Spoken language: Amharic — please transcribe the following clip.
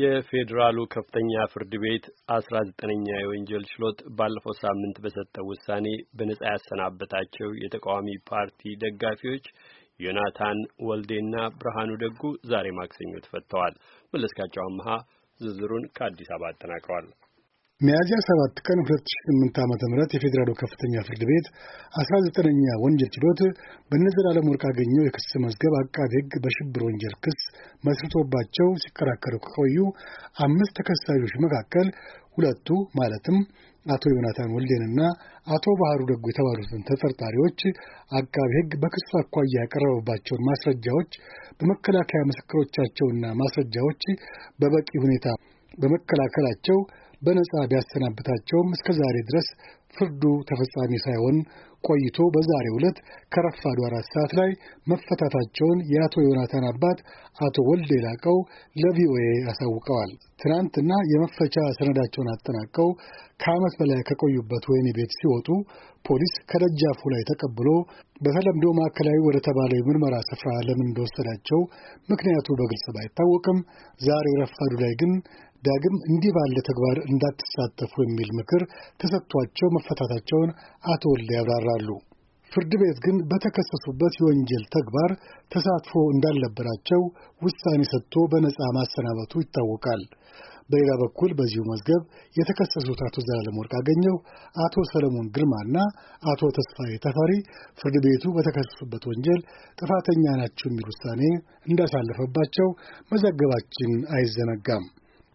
የፌዴራሉ ከፍተኛ ፍርድ ቤት አስራ ዘጠነኛ የወንጀል ችሎት ባለፈው ሳምንት በሰጠው ውሳኔ በነጻ ያሰናበታቸው የተቃዋሚ ፓርቲ ደጋፊዎች ዮናታን ወልዴና ብርሃኑ ደጉ ዛሬ ማክሰኞ ተፈተዋል። መለስካቸው አምሃ ዝርዝሩን ከአዲስ አበባ አጠናቅሯል። ሚያዝያ 7 ቀን 2008 ዓ ም የፌዴራሉ ከፍተኛ ፍርድ ቤት 19ኛ ወንጀል ችሎት በእነ ዘላለም ወርቅአገኘሁ የክስ መዝገብ አቃቤ ሕግ በሽብር ወንጀል ክስ መስርቶባቸው ሲከራከሩ ከቆዩ አምስት ተከሳሾች መካከል ሁለቱ ማለትም አቶ ዮናታን ወልዴንና አቶ ባህሩ ደጉ የተባሉትን ተጠርጣሪዎች አቃቤ ሕግ በክሱ አኳያ ያቀረበባቸውን ማስረጃዎች በመከላከያ ምስክሮቻቸውና ማስረጃዎች በበቂ ሁኔታ በመከላከላቸው በነጻ ቢያሰናብታቸውም እስከ ዛሬ ድረስ ፍርዱ ተፈጻሚ ሳይሆን ቆይቶ በዛሬ ዕለት ከረፋዱ አራት ሰዓት ላይ መፈታታቸውን የአቶ ዮናታን አባት አቶ ወልደ ላቀው ለቪኦኤ አሳውቀዋል። ትናንትና የመፈቻ ሰነዳቸውን አጠናቀው ከዓመት በላይ ከቆዩበት ወህኒ ቤት ሲወጡ ፖሊስ ከደጃፉ ላይ ተቀብሎ በተለምዶ ማዕከላዊ ወደ ተባለው የምርመራ ስፍራ ለምን እንደወሰዳቸው ምክንያቱ በግልጽ ባይታወቅም ዛሬ ረፋዱ ላይ ግን ዳግም እንዲህ ባለ ተግባር እንዳትሳተፉ የሚል ምክር ተሰጥቷቸው መፈታታቸውን አቶ ወልደ ያብራራሉ። ፍርድ ቤት ግን በተከሰሱበት የወንጀል ተግባር ተሳትፎ እንዳልነበራቸው ውሳኔ ሰጥቶ በነፃ ማሰናበቱ ይታወቃል። በሌላ በኩል በዚሁ መዝገብ የተከሰሱት አቶ ዘላለም ወርቅ አገኘው፣ አቶ ሰለሞን ግርማና አቶ ተስፋዬ ተፈሪ ፍርድ ቤቱ በተከሰሱበት ወንጀል ጥፋተኛ ናቸው የሚል ውሳኔ እንዳሳለፈባቸው መዘገባችን አይዘነጋም።